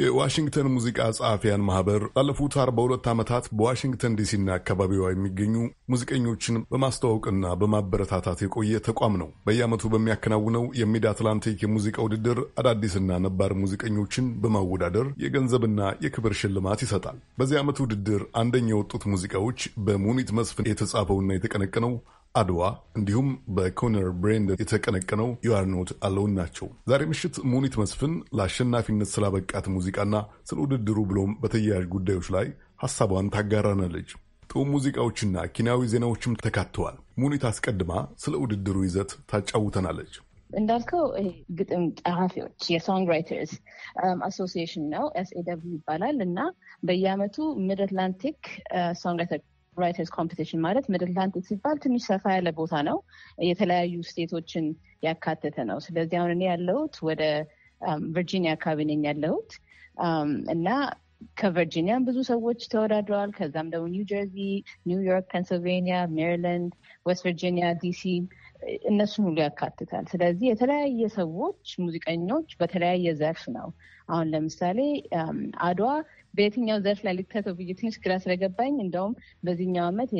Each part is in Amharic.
የዋሽንግተን ሙዚቃ ጸሐፊያን ማህበር ላለፉት አርባ ሁለት ዓመታት በዋሽንግተን ዲሲና አካባቢዋ የሚገኙ ሙዚቀኞችን በማስተዋወቅና በማበረታታት የቆየ ተቋም ነው። በየዓመቱ በሚያከናውነው የሚድ አትላንቲክ የሙዚቃ ውድድር አዳዲስና ነባር ሙዚቀኞችን በማወዳደር የገንዘብና የክብር ሽልማት ይሰጣል። በዚህ ዓመት ውድድር አንደኛ የወጡት ሙዚቃዎች በሙኒት መስፍን የተጻፈውና የተቀነቀነው አድዋ እንዲሁም በኮነር ብሬንድ የተቀነቀነው ዩአርኖት አለውን ናቸው። ዛሬ ምሽት ሙኒት መስፍን ለአሸናፊነት ስላበቃት ሙዚቃና ስለ ውድድሩ ብሎም በተያያዥ ጉዳዮች ላይ ሀሳቧን ታጋራናለች። ጥሩ ሙዚቃዎችና ኪናዊ ዜናዎችም ተካተዋል። ሙኒት አስቀድማ ስለ ውድድሩ ይዘት ታጫውተናለች። እንዳልከው ግጥም ጸሐፊዎች የሶንግ ራይተርስ አሶሲሽን um, ነው፣ ኤስ ይባላል እና በየአመቱ ሚድ አትላንቲክ ሶንግ ራይተር ራይተርስ ኮምፒቲሽን ማለት ሚድ አትላንቲክ ሲባል ትንሽ ሰፋ ያለ ቦታ ነው። የተለያዩ ስቴቶችን ያካተተ ነው። ስለዚህ አሁን እኔ ያለሁት ወደ um, ቨርጂኒያ አካባቢ ነኝ ያለሁት um, እና ከቨርጂኒያም ብዙ ሰዎች ተወዳድረዋል። ከዛም ደግሞ ኒው ጀርዚ፣ ኒውዮርክ፣ ፔንስልቬኒያ፣ ሜሪላንድ፣ ዌስት ቨርጂኒያ፣ ዲሲ እነሱን ሁሉ ያካትታል። ስለዚህ የተለያየ ሰዎች ሙዚቀኞች በተለያየ ዘርፍ ነው። አሁን ለምሳሌ አድዋ በየትኛው ዘርፍ ላይ ልክተተው ብዬ ትንሽ ግራ ስለገባኝ እንደውም በዚህኛው ዓመት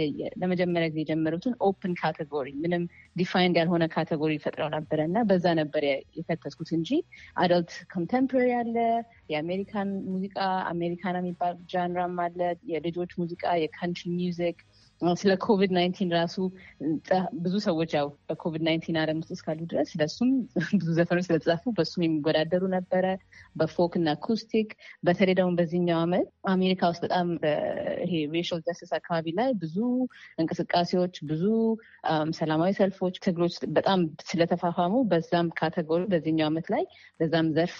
ለመጀመሪያ ጊዜ የጀመሩትን ኦፕን ካቴጎሪ ምንም ዲፋይንድ ያልሆነ ካቴጎሪ ፈጥረው ነበረ እና በዛ ነበር የከተትኩት እንጂ አዳልት ኮንቴምፖራሪ አለ፣ የአሜሪካን ሙዚቃ አሜሪካና የሚባል ጃንራም አለ፣ የልጆች ሙዚቃ፣ የካንትሪ ሚውዚክ ስለ ኮቪድ ናይንቲን ራሱ ብዙ ሰዎች ያው በኮቪድ ናይንቲን ዓለም ውስጥ እስካሉ ድረስ ስለሱም ብዙ ዘፈኖች ስለተጻፉ በሱም የሚወዳደሩ ነበረ በፎክ እና አኩስቲክ። በተለይ ደግሞ በዚህኛው ዓመት አሜሪካ ውስጥ በጣም ይሄ ሬሽል ጀስቲስ አካባቢ ላይ ብዙ እንቅስቃሴዎች፣ ብዙ ሰላማዊ ሰልፎች፣ ትግሎች በጣም ስለተፋፋሙ በዛም ካተጎሪ በዚህኛው ዓመት ላይ በዛም ዘርፍ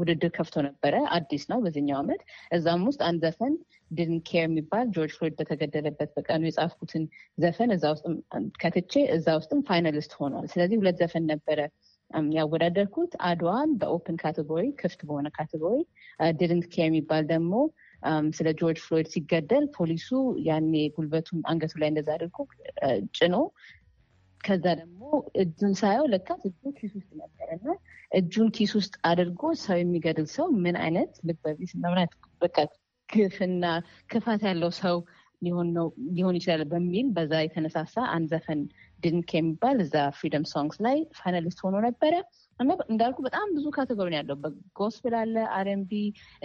ውድድር ከፍቶ ነበረ። አዲስ ነው በዚህኛው ዓመት እዛም ውስጥ አንድ ዘፈን ድን ኬር የሚባል ጆርጅ ፍሎይድ በተገደለበት በቀኑ የጻፍኩትን ዘፈን እዛ ውስጥም ከትቼ እዛ ውስጥም ፋይናሊስት ሆኗል። ስለዚህ ሁለት ዘፈን ነበረ ያወዳደርኩት አድዋን በኦፕን ካቴጎሪ ክፍት በሆነ ካቴጎሪ፣ ድድንት ኬር የሚባል ደግሞ ስለ ጆርጅ ፍሎይድ ሲገደል ፖሊሱ ያኔ ጉልበቱን አንገቱ ላይ እንደዛ አድርጎ ጭኖ ከዛ ደግሞ እጁን ሳየው ለካት እጁ ኪስ ውስጥ ነበር እና እጁን ኪስ ውስጥ አድርጎ ሰው የሚገድል ሰው ምን አይነት ልበቢስ ነው? በቃ ግፍና ክፋት ያለው ሰው ሊሆን ይችላል በሚል በዛ የተነሳሳ አንድ ዘፈን ድንክ የሚባል እዛ ፍሪደም ሶንግስ ላይ ፋይናሊስት ሆኖ ነበረ እና እንዳልኩ በጣም ብዙ ካቴጎሪ ያለው በጎስፕል አለ፣ አርኤንቢ፣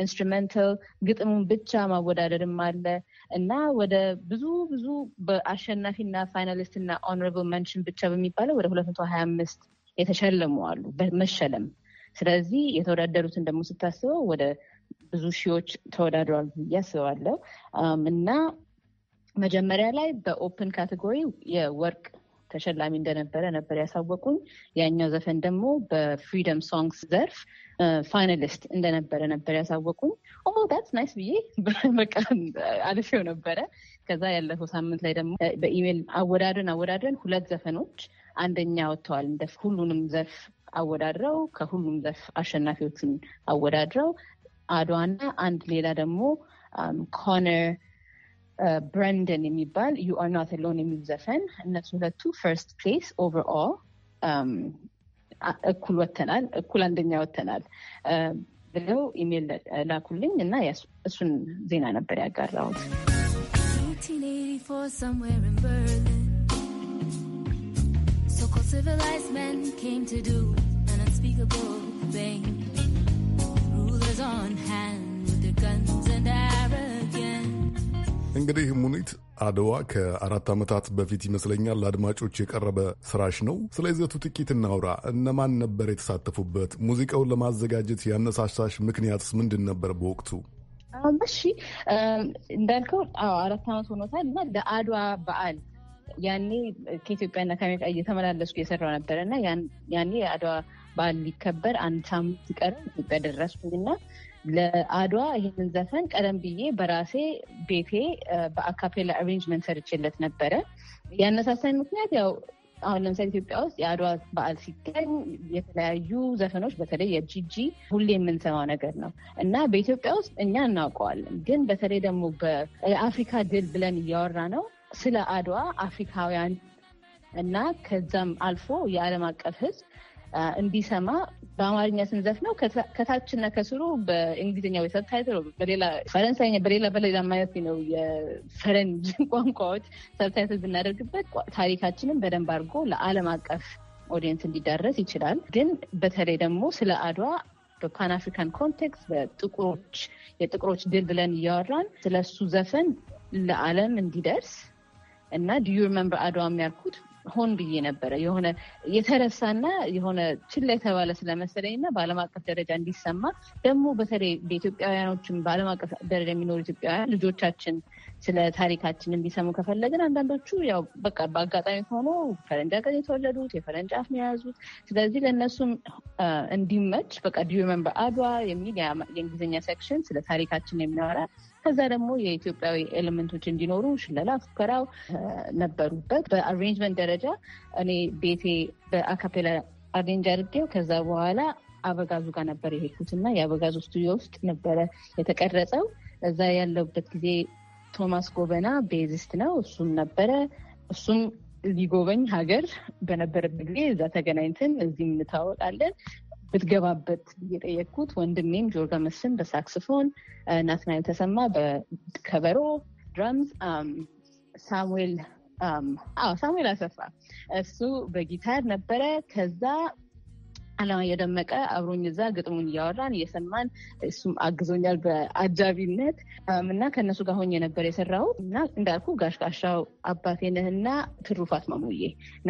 ኢንስትሩሜንታል፣ ግጥሙን ብቻ ማወዳደርም አለ እና ወደ ብዙ ብዙ በአሸናፊና ፋይናሊስት እና ኦነራብል መንሽን ብቻ በሚባለው ወደ ሁለት መቶ ሀያ አምስት የተሸለሙ አሉ መሸለም። ስለዚህ የተወዳደሩትን ደግሞ ስታስበው ወደ ብዙ ሺዎች ተወዳድረዋል ብዬ አስባለሁ እና መጀመሪያ ላይ በኦፕን ካቴጎሪ የወርቅ ተሸላሚ እንደነበረ ነበር ያሳወቁኝ። ያኛው ዘፈን ደግሞ በፍሪደም ሶንግስ ዘርፍ ፋይናሊስት እንደነበረ ነበር ያሳወቁኝ። ኦ ዳትስ ናይስ ብዬ በቃ አልፌው ነበረ። ከዛ ያለፈው ሳምንት ላይ ደግሞ በኢሜይል አወዳድረን አወዳድረን ሁለት ዘፈኖች አንደኛ ወጥተዋል። እንደ ሁሉንም ዘርፍ አወዳድረው ከሁሉም ዘርፍ አሸናፊዎቹን አወዳድረው አድዋና አንድ ሌላ ደግሞ ኮነር ብረንደን የሚባል ዩ አር ናት ሎን የሚል ዘፈን እነሱ ሁለቱ ፈርስት ፕሌስ ኦቨርኦል እኩል ወተናል፣ እኩል አንደኛ ወተናል ብለው ኢሜል ላኩልኝ እና እሱን ዜና ነበር ያጋራሁት። So-called civilized men came to do an unspeakable thing. እንግዲህ ሙኒት አድዋ ከአራት ዓመታት በፊት ይመስለኛል ለአድማጮች የቀረበ ስራሽ ነው። ስለ ይዘቱ ጥቂት እናውራ። እነማን ነበር የተሳተፉበት? ሙዚቃውን ለማዘጋጀት ያነሳሳሽ ምክንያትስ ምንድን ነበር በወቅቱ? እሺ እንዳልከው አራት ዓመት ሆኖታል እና ለአድዋ በዓል ያኔ ከኢትዮጵያና ከአሜሪካ እየተመላለስኩ የሰራው ነበረ እና ያኔ የአድዋ በዓል ሊከበር አንድ ሳምንት ሲቀር ኢትዮጵያ ደረስኩኝና ለአድዋ ይህንን ዘፈን ቀደም ብዬ በራሴ ቤቴ በአካፔላ አሬንጅመንት ሰርቼለት ነበረ። ያነሳሳኝ ምክንያት ያው አሁን ለምሳሌ ኢትዮጵያ ውስጥ የአድዋ በዓል ሲገኝ የተለያዩ ዘፈኖች በተለይ የጂጂ ሁሌ የምንሰማው ነገር ነው እና በኢትዮጵያ ውስጥ እኛ እናውቀዋለን፣ ግን በተለይ ደግሞ በአፍሪካ ድል ብለን እያወራ ነው ስለ አድዋ አፍሪካውያን እና ከዛም አልፎ የዓለም አቀፍ ሕዝብ እንዲሰማ በአማርኛ ስንዘፍነው ከታችና ከስሩ በእንግሊዝኛ ወይ ሰብታይትል በሌላ ፈረንሳይኛ በሌላ በሌላ ማለት ነው የፈረንጅ ቋንቋዎች ሰብታይትል ብናደርግበት ታሪካችንን በደንብ አድርጎ ለዓለም አቀፍ ኦዲየንስ እንዲዳረስ ይችላል። ግን በተለይ ደግሞ ስለ አድዋ በፓን አፍሪካን ኮንቴክስት በጥቁሮች የጥቁሮች ድል ብለን እያወራን ስለሱ ዘፈን ለዓለም እንዲደርስ እና ዲዩ ሪመምበር አድዋ የሚያልኩት ሆን ብዬ ነበረ የሆነ የተረሳና የሆነ ችላ የተባለ ስለመሰለኝ እና በዓለም አቀፍ ደረጃ እንዲሰማ ደግሞ በተለይ በኢትዮጵያውያኖችም በዓለም አቀፍ ደረጃ የሚኖሩ ኢትዮጵያውያን ልጆቻችን ስለ ታሪካችን እንዲሰሙ ከፈለግን አንዳንዶቹ ያው በቃ በአጋጣሚ ሆኖ ፈረንጅ ሀገር የተወለዱት የፈረንጅ አፍ የያዙት ስለዚህ ለእነሱም እንዲመች በቃ ዲዩመን በአድዋ የሚል የእንግሊዝኛ ሴክሽን ስለ ታሪካችን የሚያወራ ከዛ ደግሞ የኢትዮጵያዊ ኤሌመንቶች እንዲኖሩ ሽለላ፣ ፉከራው ነበሩበት። በአሬንጅመንት ደረጃ እኔ ቤቴ በአካፔላ አሬንጅ አድርጌው ከዛ በኋላ አበጋዙ ጋር ነበር የሄድኩት እና የአበጋዙ ስቱዲዮ ውስጥ ነበረ የተቀረጸው። እዛ ያለውበት ጊዜ ቶማስ ጎበና ቤዝስት ነው፣ እሱም ነበረ እሱም ሊጎበኝ ሀገር በነበረበት ጊዜ እዛ ተገናኝተን እዚህ እንታወቃለን። ብትገባበት እየጠየቅኩት ወንድሜም ጆርጋ መስን በሳክስፎን፣ ናትናኤል ተሰማ በከበሮ ድራምስ፣ ሳሙኤል ሳሙኤል አሰፋ እሱ በጊታር ነበረ። ከዛ አላማ የደመቀ አብሮኝ እዛ ግጥሙን እያወራን እየሰማን እሱም አግዞኛል በአጃቢነት እና ከእነሱ ጋር ሆኜ ነበር የሰራሁት እና እንዳልኩ ጋሽጋሻው ጋሻው አባቴነህና ትሩፋት መሙዬ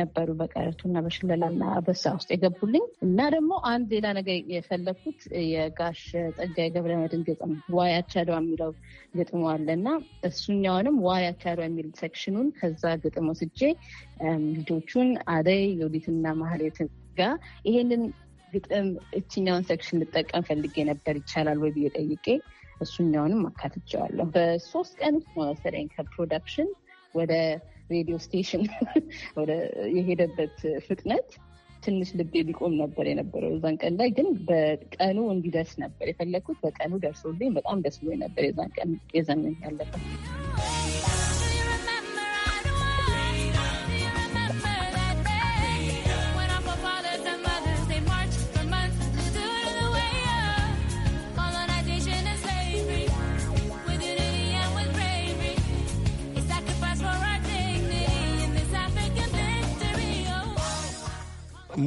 ነበሩ በቀረቱ በቀረቱና በሽለላና በሳ ውስጥ የገቡልኝ እና ደግሞ አንድ ሌላ ነገር የፈለግኩት የጋሽ ጸጋዬ ገብረመድህን ግጥም ዋይ አቻዶ የሚለው ግጥሙ አለ እና እሱኛውንም ዋይ አቻዶ የሚል ሴክሽኑን ከዛ ግጥሞ ስጄ ልጆቹን አደይ ዮዲትና ማህሌትን ጋር ይሄንን ግጥም እችኛውን ሴክሽን ልጠቀም ፈልጌ ነበር ይቻላል ወይ ብዬ ጠይቄ እሱኛውንም አካትቸዋለሁ። በሶስት ቀን ውስጥ መሰለኝ ከፕሮዳክሽን ወደ ሬዲዮ ስቴሽን ወደ የሄደበት ፍጥነት ትንሽ ልቤ ሊቆም ነበር የነበረው እዛን ቀን ላይ ግን በቀኑ እንዲደርስ ነበር የፈለግኩት። በቀኑ ደርሶልኝ በጣም ደስ ብሎኝ ነበር የዛን ቀን የዘመን ያለበት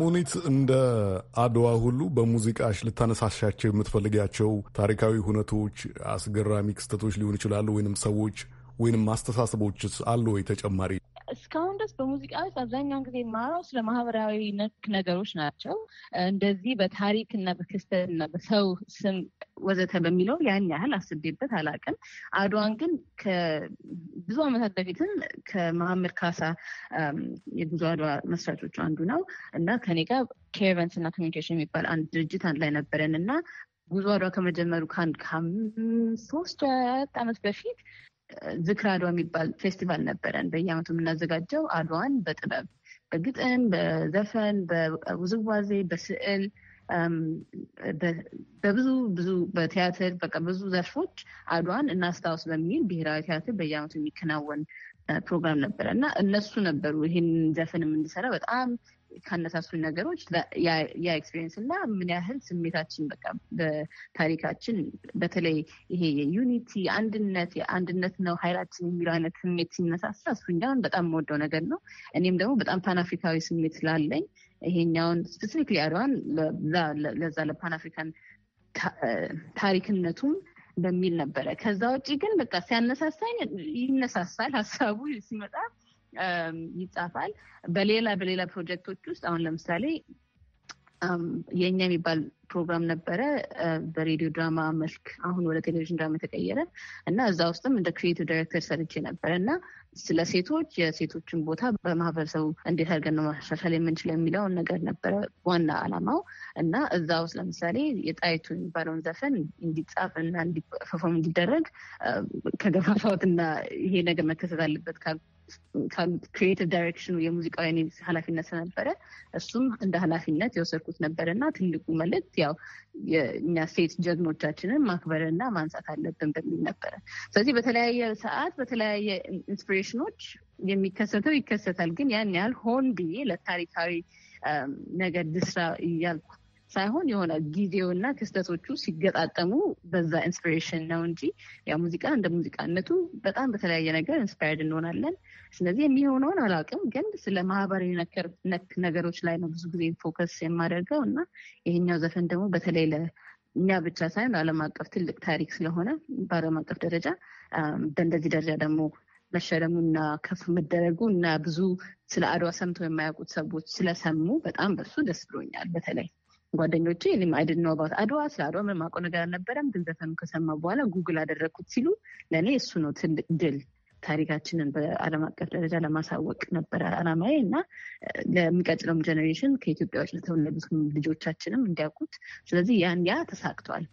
ሙኒት፣ እንደ አድዋ ሁሉ በሙዚቃሽ ልታነሳሻቸው የምትፈልጊያቸው ታሪካዊ ሁነቶች፣ አስገራሚ ክስተቶች ሊሆን ይችላሉ ወይንም ሰዎች ወይንም አስተሳሰቦችስ አሉ ወይ? ተጨማሪ እስካሁን ድረስ በሙዚቃ ውስጥ አብዛኛውን ጊዜ የማወራው ስለ ማህበራዊ ነክ ነገሮች ናቸው። እንደዚህ በታሪክ እና በክስተት እና በሰው ስም ወዘተ በሚለው ያን ያህል አስቤበት አላቅም። አድዋን ግን ከብዙ ዓመታት በፊትም ከመሐመድ ካሳ የብዙ አድዋ መስራቾቹ አንዱ ነው እና ከኔ ጋር ኬርቨንስ እና ኮሚኒኬሽን የሚባል አንድ ድርጅት አንድ ላይ ነበረን እና ጉዞ አድዋ ከመጀመሩ ከአንድ ከአምስት አራት ዓመት በፊት ዝክር አድዋ የሚባል ፌስቲቫል ነበረን በየአመቱ የምናዘጋጀው አድዋን በጥበብ በግጥም፣ በዘፈን፣ በውዝዋዜ፣ በስዕል በብዙ ብዙ በቲያትር በቃ ብዙ ዘርፎች አድዋን እናስታውስ በሚል ብሔራዊ ቲያትር በየዓመቱ የሚከናወን ፕሮግራም ነበረ እና እነሱ ነበሩ ይህን ዘፈን የምንሰራ በጣም ካነሳሱን ነገሮች ያ ኤክስፔሪንስ እና ምን ያህል ስሜታችን በቃ በታሪካችን በተለይ ይሄ የዩኒቲ አንድነት የአንድነት ነው ኃይላችን የሚለው አይነት ስሜት ሲነሳሳ እሱኛውን በጣም የምወደው ነገር ነው። እኔም ደግሞ በጣም ፓንአፍሪካዊ ስሜት ስላለኝ ይሄኛውን ስፔሲፊክሊ አድዋን ለዛ ለፓንአፍሪካን ታሪክነቱም በሚል ነበረ። ከዛ ውጭ ግን በቃ ሲያነሳሳኝ ይነሳሳል ሀሳቡ ሲመጣ ይጻፋል። በሌላ በሌላ ፕሮጀክቶች ውስጥ አሁን ለምሳሌ የእኛ የሚባል ፕሮግራም ነበረ በሬዲዮ ድራማ መልክ አሁን ወደ ቴሌቪዥን ድራማ የተቀየረ እና እዛ ውስጥም እንደ ክሪኤቲቭ ዳይሬክተር ሰርቼ ነበረ እና ስለ ሴቶች የሴቶችን ቦታ በማህበረሰቡ እንዴት አድርገን ነው ማሻሻል የምንችለው የሚለውን ነገር ነበረ ዋና አላማው እና እዛ ውስጥ ለምሳሌ የጣይቱ የሚባለውን ዘፈን እንዲጻፍ እና ፐርፎርም እንዲደረግ ከገፋፋሁት እና ይሄ ነገር መከሰት አለበት ካልኩት ክሪኤቲቭ ዳይሬክሽኑ የሙዚቃ የኔ ኃላፊነት ስለነበረ እሱም እንደ ኃላፊነት የወሰድኩት ነበር እና ትልቁ መልእክት ያው የእኛ ሴት ጀግኖቻችንን ማክበርና ማንሳት አለብን በሚል ነበረ። ስለዚህ በተለያየ ሰዓት በተለያየ ኢንስፒሬሽኖች የሚከሰተው ይከሰታል። ግን ያን ያህል ሆን ብዬ ለታሪካዊ ነገር ድስራ እያልኩ ሳይሆን የሆነ ጊዜውና ክስተቶቹ ሲገጣጠሙ በዛ ኢንስፒሬሽን ነው እንጂ ያ ሙዚቃ እንደ ሙዚቃነቱ በጣም በተለያየ ነገር ኢንስፓየርድ እንሆናለን። ስለዚህ የሚሆነውን አላውቅም፣ ግን ስለ ማህበራዊ ነክ ነገሮች ላይ ነው ብዙ ጊዜ ፎከስ የማደርገው እና ይሄኛው ዘፈን ደግሞ በተለይ እኛ ብቻ ሳይሆን ዓለም አቀፍ ትልቅ ታሪክ ስለሆነ በዓለም አቀፍ ደረጃ በእንደዚህ ደረጃ ደግሞ መሸለሙና ከፍ መደረጉ እና ብዙ ስለ አድዋ ሰምተው የማያውቁት ሰዎች ስለሰሙ በጣም በሱ ደስ ብሎኛል በተለይ ጓደኞቼ እኔም አይድን ነው ባት አድዋ ስለ አድዋ ምንም አውቀው ነገር አልነበረም። ግን ዘፈኑ ከሰማ በኋላ ጉግል አደረግኩት ሲሉ ለእኔ እሱ ነው ትልቅ ድል። ታሪካችንን በዓለም አቀፍ ደረጃ ለማሳወቅ ነበረ አላማዬ እና ለሚቀጥለውም ጀኔሬሽን ከኢትዮጵያዎች ለተወለዱት ልጆቻችንም እንዲያውቁት። ስለዚህ ያን ያ ተሳክቷል።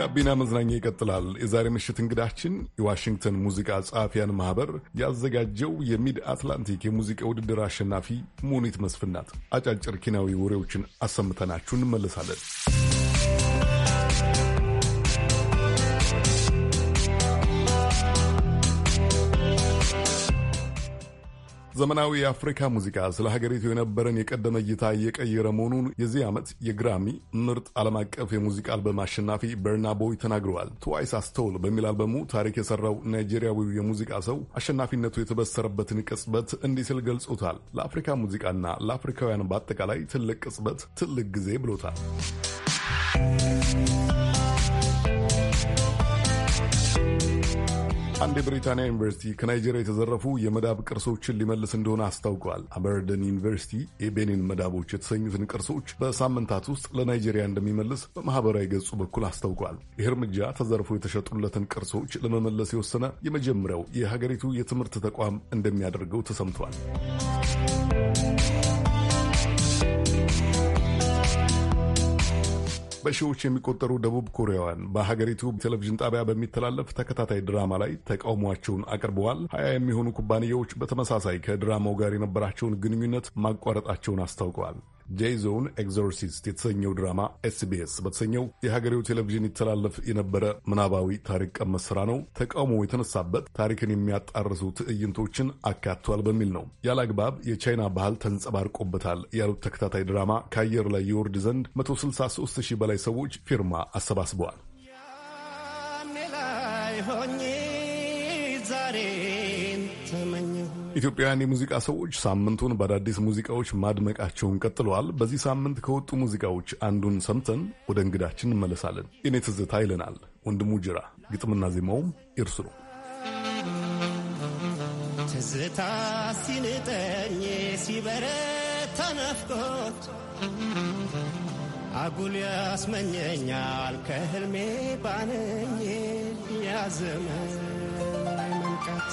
ጋቢና መዝናኛ ይቀጥላል። የዛሬ ምሽት እንግዳችን የዋሽንግተን ሙዚቃ ጸሐፊያን ማህበር ያዘጋጀው የሚድ አትላንቲክ የሙዚቃ ውድድር አሸናፊ ሙኒት መስፍን ናት። አጫጭር ኪናዊ ወሬዎችን አሰምተናችሁ እንመለሳለን። ዘመናዊ የአፍሪካ ሙዚቃ ስለ ሀገሪቱ የነበረን የቀደመ እይታ እየቀየረ መሆኑን የዚህ ዓመት የግራሚ ምርጥ ዓለም አቀፍ የሙዚቃ አልበም አሸናፊ በርናቦይ ተናግረዋል። ትዋይስ አስተውል በሚል አልበሙ ታሪክ የሰራው ናይጄሪያዊው የሙዚቃ ሰው አሸናፊነቱ የተበሰረበትን ቅጽበት እንዲህ ሲል ገልጾታል። ለአፍሪካ ሙዚቃና ለአፍሪካውያን በአጠቃላይ ትልቅ ቅጽበት፣ ትልቅ ጊዜ ብሎታል። አንድ የብሪታንያ ዩኒቨርሲቲ ከናይጄሪያ የተዘረፉ የመዳብ ቅርሶችን ሊመልስ እንደሆነ አስታውቋል። አበርደን ዩኒቨርሲቲ የቤኒን መዳቦች የተሰኙትን ቅርሶች በሳምንታት ውስጥ ለናይጄሪያ እንደሚመልስ በማህበራዊ ገጹ በኩል አስታውቋል። ይህ እርምጃ ተዘርፎ የተሸጡለትን ቅርሶች ለመመለስ የወሰነ የመጀመሪያው የሀገሪቱ የትምህርት ተቋም እንደሚያደርገው ተሰምቷል። በሺዎች የሚቆጠሩ ደቡብ ኮሪያውያን በሀገሪቱ ቴሌቪዥን ጣቢያ በሚተላለፍ ተከታታይ ድራማ ላይ ተቃውሟቸውን አቅርበዋል። ሀያ የሚሆኑ ኩባንያዎች በተመሳሳይ ከድራማው ጋር የነበራቸውን ግንኙነት ማቋረጣቸውን አስታውቀዋል። ጄይዞን ኤግዞርሲስት የተሰኘው ድራማ ኤስቢኤስ በተሰኘው የሀገሬው ቴሌቪዥን ይተላለፍ የነበረ ምናባዊ ታሪክ ቀመስ ስራ ነው። ተቃውሞ የተነሳበት ታሪክን የሚያጣርሱ ትዕይንቶችን አካቷል በሚል ነው። ያለ አግባብ የቻይና ባህል ተንጸባርቆበታል ያሉት ተከታታይ ድራማ ከአየር ላይ የወርድ ዘንድ 163 ሺህ በላይ ሰዎች ፊርማ አሰባስበዋል። ሆኜ ዛሬን ተመኘሁ ኢትዮጵያውያን የሙዚቃ ሰዎች ሳምንቱን በአዳዲስ ሙዚቃዎች ማድመቃቸውን ቀጥለዋል። በዚህ ሳምንት ከወጡ ሙዚቃዎች አንዱን ሰምተን ወደ እንግዳችን እንመለሳለን። የኔ ትዝታ ይለናል ወንድሙ ጅራ፣ ግጥምና ዜማውም እርሱ ነው። ትዝታ ሲንጠኝ ሲበረታ ናፍቆት አጉል ያስመኘኛል ከህልሜ ባነኝ ያዘመ መንቀት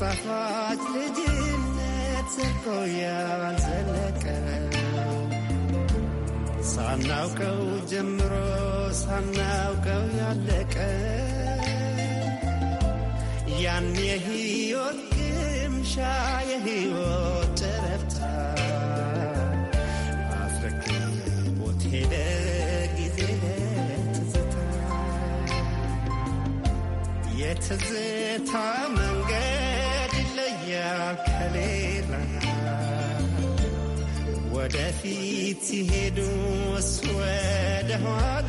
ጣፋጭ ልጅነት ዘልቆ ያልዘለቀ ሳናውቀው ጀምሮ ሳናውቀው ያለቀ ያን የህይወት ግምሻ የህይወት ጨረፍታ አፍረክ ሄደ ጊዜ ትዝታ የትዝታ መ ከሌላ ወደፊት ሲሄዱ እሱ ወደ ኋላ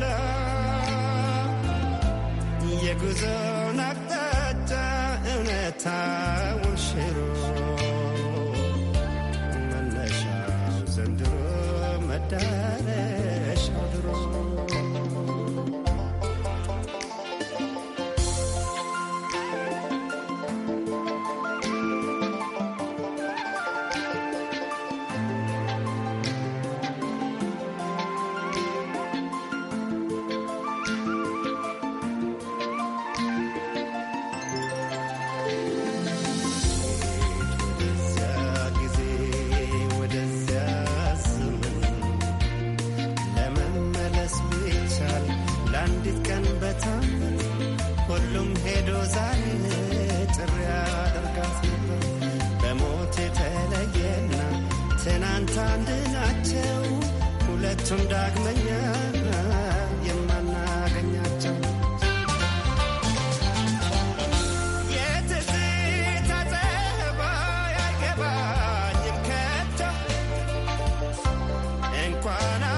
quan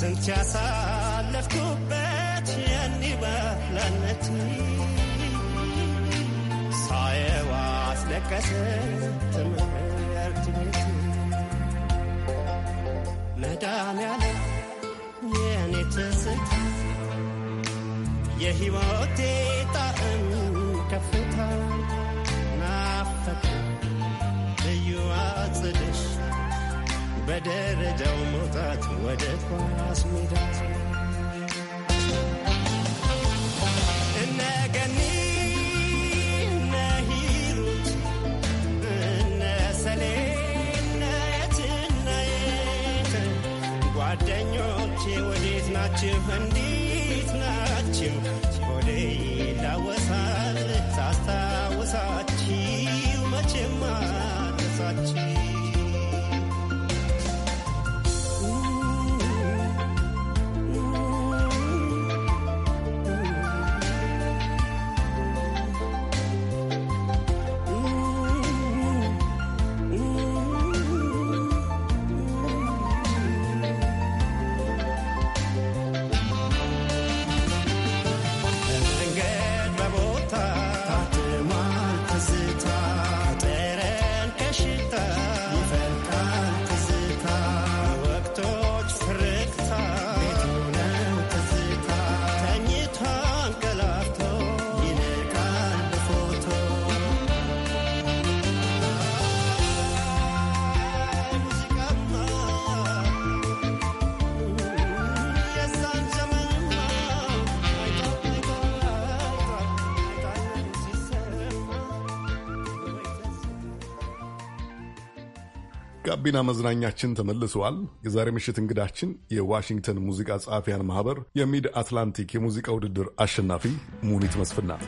ስንት ያሳለፍኩበት ያኔ በላነት ሳየዋ አስለቀሰ ትምህርት ቤት የኔ ጣዕም በደረጃው መውጣት ወደ ኳስ ሜዳ እነ ገኒ እነ ሂሩት ወዴት ናችሁ? እንዴት ናችሁ? ወደ ይላወሳል ታስታውሳችሁ ጋቢና መዝናኛችን ተመልሰዋል። የዛሬ ምሽት እንግዳችን የዋሽንግተን ሙዚቃ ጸሐፊያን ማህበር የሚድ አትላንቲክ የሙዚቃ ውድድር አሸናፊ ሙኒት መስፍን ናት።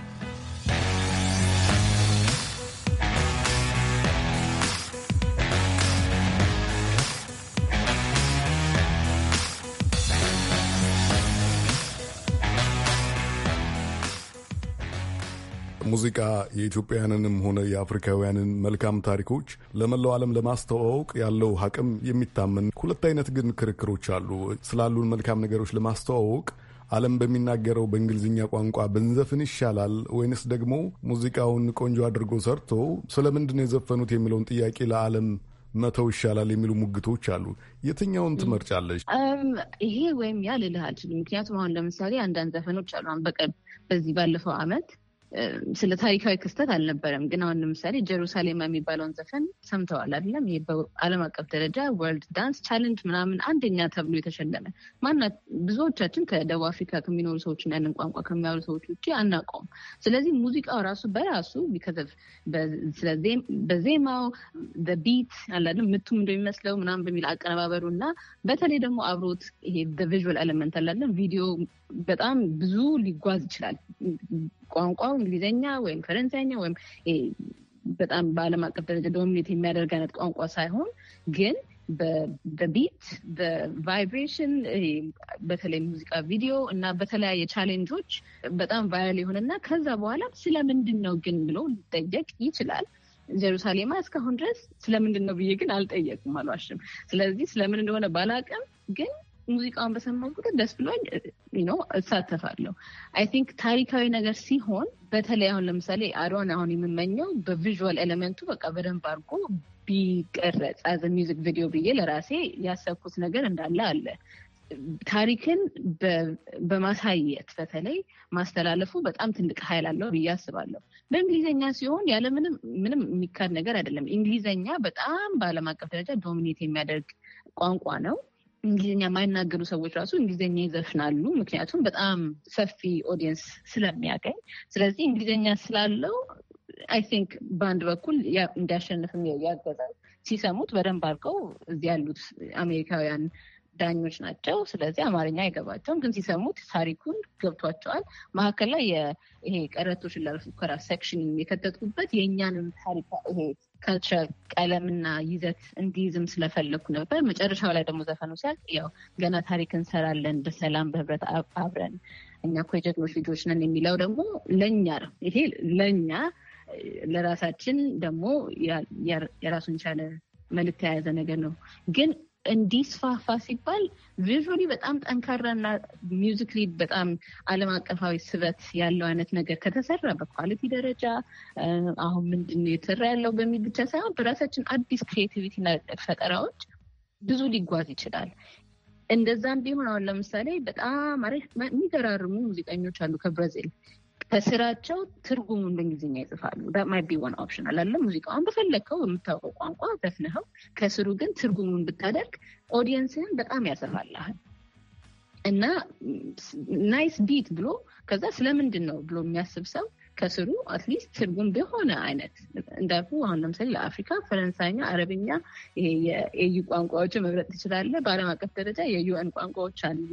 ሙዚቃ የኢትዮጵያውያንንም ሆነ የአፍሪካውያንን መልካም ታሪኮች ለመላው ዓለም ለማስተዋወቅ ያለው አቅም የሚታመን ሁለት አይነት ግን ክርክሮች አሉ። ስላሉን መልካም ነገሮች ለማስተዋወቅ ዓለም በሚናገረው በእንግሊዝኛ ቋንቋ ብንዘፍን ይሻላል ወይንስ ደግሞ ሙዚቃውን ቆንጆ አድርጎ ሰርቶ ስለምንድን የዘፈኑት የሚለውን ጥያቄ ለዓለም መተው ይሻላል የሚሉ ሙግቶች አሉ። የትኛውን ትመርጫለች? ይሄ ወይም ያ ልልህ አልችልም። ምክንያቱም አሁን ለምሳሌ አንዳንድ ዘፈኖች አሉ በቀን በዚህ ባለፈው ዓመት ስለ ታሪካዊ ክስተት አልነበረም። ግን አሁን ለምሳሌ ጀሩሳሌም የሚባለውን ዘፈን ሰምተዋል አይደለም? ይህ በዓለም አቀፍ ደረጃ ወርልድ ዳንስ ቻለንጅ ምናምን አንደኛ ተብሎ የተሸለመ ማናት። ብዙዎቻችን ከደቡብ አፍሪካ ከሚኖሩ ሰዎች እና ያንን ቋንቋ ከሚያወሩ ሰዎች ውጭ አናውቀውም። ስለዚህ ሙዚቃው ራሱ በራሱ በዜማው ቢት አላለም ምቱም እንደሚመስለው ምናምን በሚል አቀነባበሩ እና በተለይ ደግሞ አብሮት ይሄ ቪዥዋል ኤለመንት አላለም ቪዲዮ በጣም ብዙ ሊጓዝ ይችላል ቋንቋው እንግሊዝኛ ወይም ፈረንሳይኛ ወይም በጣም በዓለም አቀፍ ደረጃ ዶሚኔት የሚያደርግ አይነት ቋንቋ ሳይሆን ግን በቢት በቫይብሬሽን በተለይ ሙዚቃ ቪዲዮ እና በተለያየ ቻሌንጆች በጣም ቫይራል የሆነና ከዛ በኋላ ስለምንድን ነው ግን ብሎ ሊጠየቅ ይችላል። ጀሩሳሌማ እስካሁን ድረስ ስለምንድን ነው ብዬ ግን አልጠየቅም፣ አልዋሽም። ስለዚህ ስለምን እንደሆነ ባላቅም ግን ሙዚቃውን በሰማን ቁጥር ደስ ብሎኝ ነው እሳተፋለሁ። አይ ቲንክ ታሪካዊ ነገር ሲሆን በተለይ አሁን ለምሳሌ አድዋን አሁን የምመኘው በቪዥዋል ኤሌመንቱ በቃ በደንብ አድርጎ ቢቀረጽ አዘ ሚውዚክ ቪዲዮ ብዬ ለራሴ ያሰብኩት ነገር እንዳለ አለ። ታሪክን በማሳየት በተለይ ማስተላለፉ በጣም ትልቅ ኃይል አለው ብዬ አስባለሁ። በእንግሊዝኛ ሲሆን ያለ ምንም ምንም የሚካድ ነገር አይደለም። እንግሊዝኛ በጣም በዓለም አቀፍ ደረጃ ዶሚኔት የሚያደርግ ቋንቋ ነው። እንግሊዝኛ የማይናገሩ ሰዎች ራሱ እንግሊዝኛ ይዘፍናሉ። ምክንያቱም በጣም ሰፊ ኦዲየንስ ስለሚያገኝ፣ ስለዚህ እንግሊዝኛ ስላለው አይ ቲንክ በአንድ በኩል እንዲያሸንፍም ያገዛል። ሲሰሙት በደንብ አድርገው እዚህ ያሉት አሜሪካውያን ዳኞች ናቸው። ስለዚህ አማርኛ አይገባቸውም፣ ግን ሲሰሙት ታሪኩን ገብቷቸዋል። መካከል ላይ ይሄ ቀረቶችን ላልፉከራ ሴክሽን የከተትኩበት የእኛንም ታሪክ ይሄ ካልቸር ቀለምና ይዘት እንዲይዝም ስለፈለግኩ ነበር። መጨረሻው ላይ ደግሞ ዘፈኑ ሲያልቅ ያው ገና ታሪክ እንሰራለን በሰላም በህብረት አብረን እኛ እኮ የጀግኖች ልጆች ነን የሚለው ደግሞ ለእኛ ነው። ይሄ ለእኛ ለራሳችን ደግሞ የራሱን ቻለ መልክት የያዘ ነገር ነው ግን እንዲስፋፋ ሲባል ቪዥሊ በጣም ጠንካራና ሚውዚክሊ በጣም ዓለም አቀፋዊ ስበት ያለው አይነት ነገር ከተሰራ በኳሊቲ ደረጃ አሁን ምንድን የተሰራ ያለው በሚል ብቻ ሳይሆን በራሳችን አዲስ ክሬቲቪቲና ፈጠራዎች ብዙ ሊጓዝ ይችላል። እንደዛ እንዲሆን አሁን ለምሳሌ በጣም የሚገራርሙ ሙዚቀኞች አሉ ከብራዚል ከስራቸው ትርጉሙን በእንግሊዝኛ ይጽፋሉ። ማይ ቢ ዋን ኦፕሽን አላለ ሙዚቃውን በፈለግከው የምታውቀው ቋንቋ ዘፍንኸው፣ ከስሩ ግን ትርጉሙን ብታደርግ ኦዲየንስን በጣም ያሰፋልሃል እና ናይስ ቢት ብሎ ከዛ ስለምንድን ነው ብሎ የሚያስብ ሰው ከስሩ አትሊስት ትርጉም በሆነ አይነት እንዳልኩ አሁን ለምሳሌ ለአፍሪካ ፈረንሳይኛ፣ አረብኛ ይሄ የኤዩ ቋንቋዎችን መምረጥ ትችላለህ። በዓለም አቀፍ ደረጃ የዩኤን ቋንቋዎች አሉ።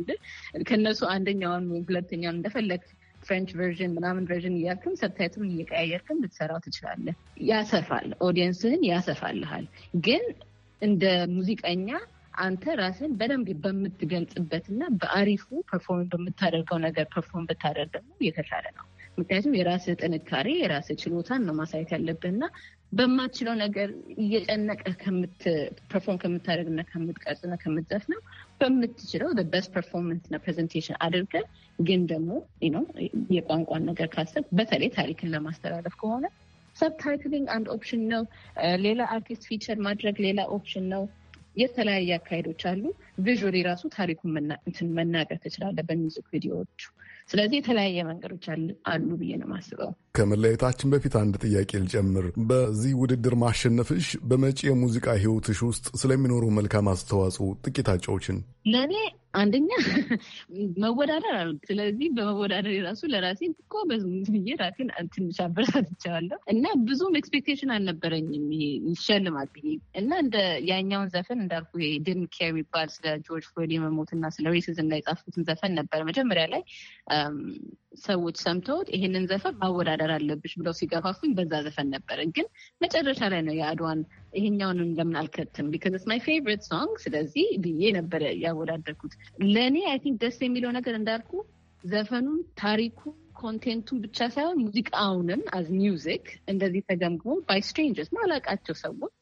ከነሱ አንደኛውን ሁለተኛውን እንደፈለግ ፍሬንች ቨርዥን ምናምን ቨርዥን እያልክም ሰብታይትሉ እየቀያየርክም ልትሰራው ትችላለህ። ያሰፋል፣ ኦዲየንስህን ያሰፋልሃል። ግን እንደ ሙዚቀኛ አንተ ራስን በደንብ በምትገልጽበት በምትገልጽበትና በአሪፉ ፐርፎርም በምታደርገው ነገር ፐርፎርም ብታደርግ ደግሞ እየተሻለ ነው። ምክንያቱም የራስህ ጥንካሬ የራስህ ችሎታን ነው ማሳየት ያለብህና በማትችለው ነገር እየጨነቀ ፐርፎርም ከምታደርግና ከምትቀርጽና ከምትዘፍ ነው በምትችለው በስት ፐርፎርመንስ እና ፕሬዘንቴሽን አድርገን ግን ደግሞ ነው የቋንቋን ነገር ካሰብ በተለይ ታሪክን ለማስተላለፍ ከሆነ ሰብታይትሊንግ አንድ ኦፕሽን ነው። ሌላ አርቲስት ፊቸር ማድረግ ሌላ ኦፕሽን ነው። የተለያየ አካሄዶች አሉ። ቪዥሪ ራሱ ታሪኩን መናገር ትችላለ በሚዚክ ቪዲዮዎቹ። ስለዚህ የተለያየ መንገዶች አሉ ብዬ ነው ማስበው። ከመለየታችን በፊት አንድ ጥያቄ ልጨምር። በዚህ ውድድር ማሸነፍሽ በመጪ የሙዚቃ ህይወትሽ ውስጥ ስለሚኖሩ መልካም አስተዋጽኦ ጥቂት አጫዎችን ለእኔ አንደኛ መወዳደር አሉ። ስለዚህ በመወዳደር የራሱ ለራሴ እኮ በዝሙት ብዬ ራሴን ትንሽ አበረታትቻለሁ እና ብዙም ኤክስፔክቴሽን አልነበረኝም ይሸልማል ብዬ እና እንደ ያኛውን ዘፈን እንዳልኩ ድን ኬር የሚባል ስለ ጆርጅ ፍሎይድ የመሞት እና ስለ ሬሲዝም እና የጻፉትን ዘፈን ነበር መጀመሪያ ላይ ሰዎች ሰምተውት ይሄንን ዘፈን ማወዳደር አለብሽ ብለው ሲገፋፉኝ በዛ ዘፈን ነበረ። ግን መጨረሻ ላይ ነው የአድዋን ይሄኛውን እንደምን አልከትም ስ ኢትስ ማይ ፌቨሪት ሶንግ ስለዚህ ብዬ ነበረ ያወዳደርኩት። ለእኔ አይ ቲንክ ደስ የሚለው ነገር እንዳልኩ ዘፈኑን፣ ታሪኩ፣ ኮንቴንቱን ብቻ ሳይሆን ሙዚቃውንም አዝ ሚውዚክ እንደዚህ ተገምግሞ ባይ ስትሬንጀርስ ማላቃቸው ሰዎች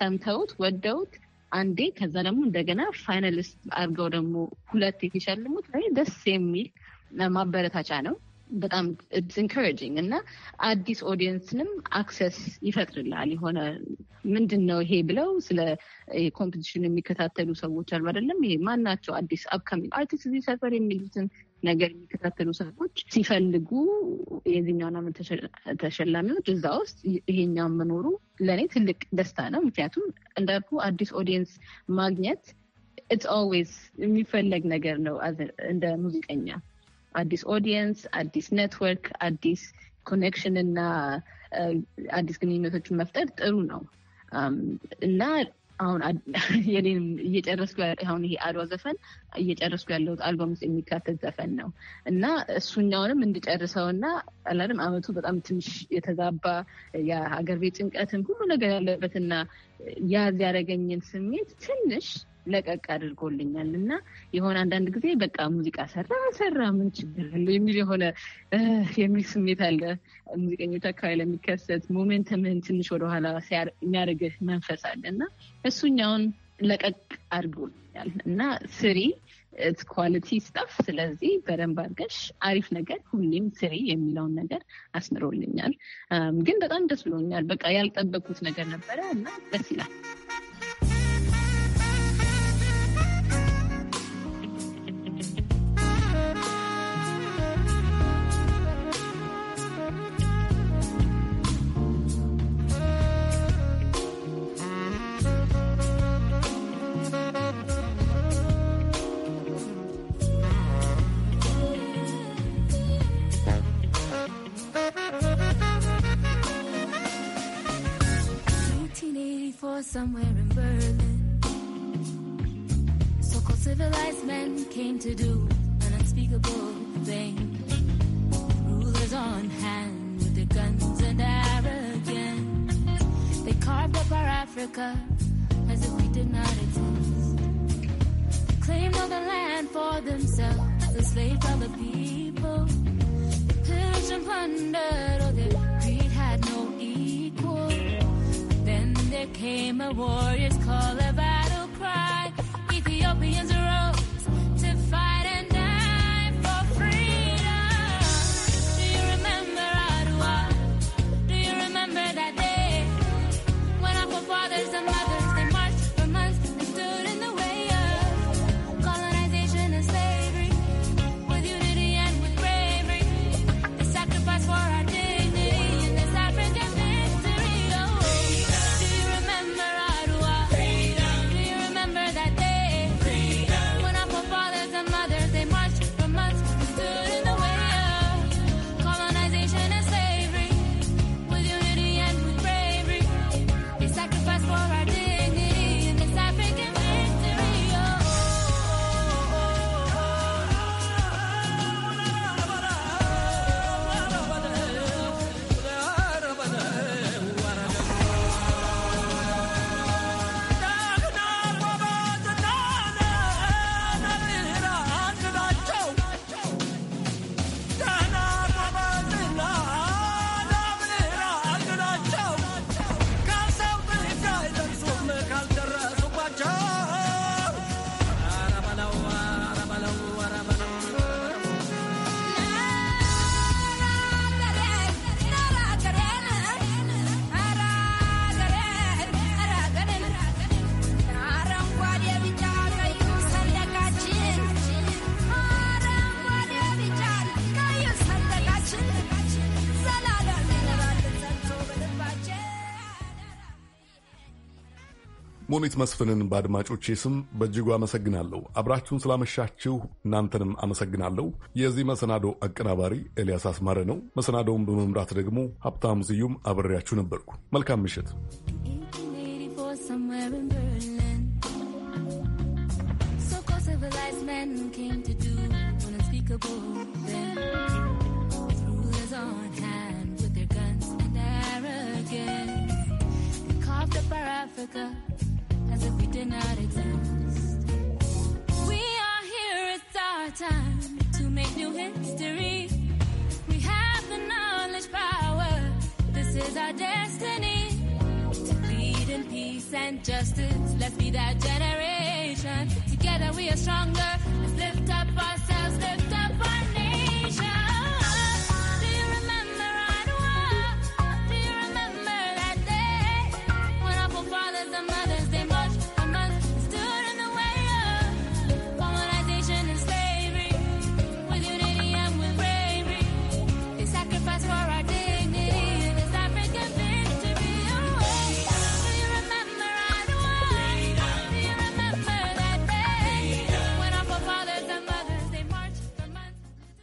ሰምተውት ወደውት አንዴ ከዛ ደግሞ እንደገና ፋይናሊስት አድርገው ደግሞ ሁለቴ ሲሸልሙት ደስ የሚል ማበረታቻ ነው። በጣም ኢንካሬጂንግ እና አዲስ ኦዲየንስንም አክሰስ ይፈጥርላል የሆነ ምንድን ነው ይሄ ብለው ስለ ኮምፒቲሽን የሚከታተሉ ሰዎች አሉ አይደለም። ይሄ ማናቸው አዲስ አፕካሚንግ አርቲስት እዚህ ሰፈር የሚሉትን ነገር የሚከታተሉ ሰዎች ሲፈልጉ የዚህኛውን ዓመት ተሸላሚዎች እዛ ውስጥ ይሄኛውን መኖሩ ለእኔ ትልቅ ደስታ ነው። ምክንያቱም እንዳልኩ አዲስ ኦዲየንስ ማግኘት ኢትስ ኦልዌይስ የሚፈለግ ነገር ነው እንደ ሙዚቀኛ አዲስ ኦዲየንስ፣ አዲስ ኔትወርክ፣ አዲስ ኮኔክሽን እና አዲስ ግንኙነቶችን መፍጠር ጥሩ ነው እና አሁን የኔንም እየጨረስኩ አሁን ይሄ አድዋ ዘፈን እየጨረስኩ ያለሁት አልበም ውስጥ የሚካተት ዘፈን ነው እና እሱኛውንም እንድጨርሰው እና አላለም አመቱ በጣም ትንሽ የተዛባ የሀገር ቤት ጭንቀትን ሁሉ ነገር ያለበትና ያዝ ያደረገኝን ስሜት ትንሽ ለቀቅ አድርጎልኛል እና የሆነ አንዳንድ ጊዜ በቃ ሙዚቃ ሰራ ሰራ ምን ችግር አለው የሚል የሆነ የሚል ስሜት አለ። ሙዚቀኞች አካባቢ ለሚከሰት ሞሜንተምህን ትንሽ ወደኋላ የሚያደርግህ መንፈስ አለ እና እሱኛውን ለቀቅ አድርጎልኛል እና ስሪ ኳሊቲ ስታፍ ስለዚህ በደንብ አድርገሽ አሪፍ ነገር ሁሌም ስሪ የሚለውን ነገር አስምሮልኛል። ግን በጣም ደስ ብሎኛል። በቃ ያልጠበኩት ነገር ነበረ እና ደስ ይላል። somewhere in Berlin. So called civilized men came to do an unspeakable thing. Rulers on hand with their guns and arrogance. They carved up our Africa as if we did not exist. They claimed all the land for themselves, enslaved the people. They pillaged and plundered Came a warrior's call of ሰላሚት መስፍንን በአድማጮቼ ስም በእጅጉ አመሰግናለሁ። አብራችሁን ስላመሻችሁ እናንተንም አመሰግናለሁ። የዚህ መሰናዶ አቀናባሪ ኤልያስ አስማረ ነው። መሰናዶውን በመምራት ደግሞ ሀብታም ስዩም አብሬያችሁ ነበርኩ። መልካም ምሽት። Africa We are here, it's our time to make new history. We have the knowledge power, this is our destiny. To lead in peace and justice, let's be that generation. Together we are stronger.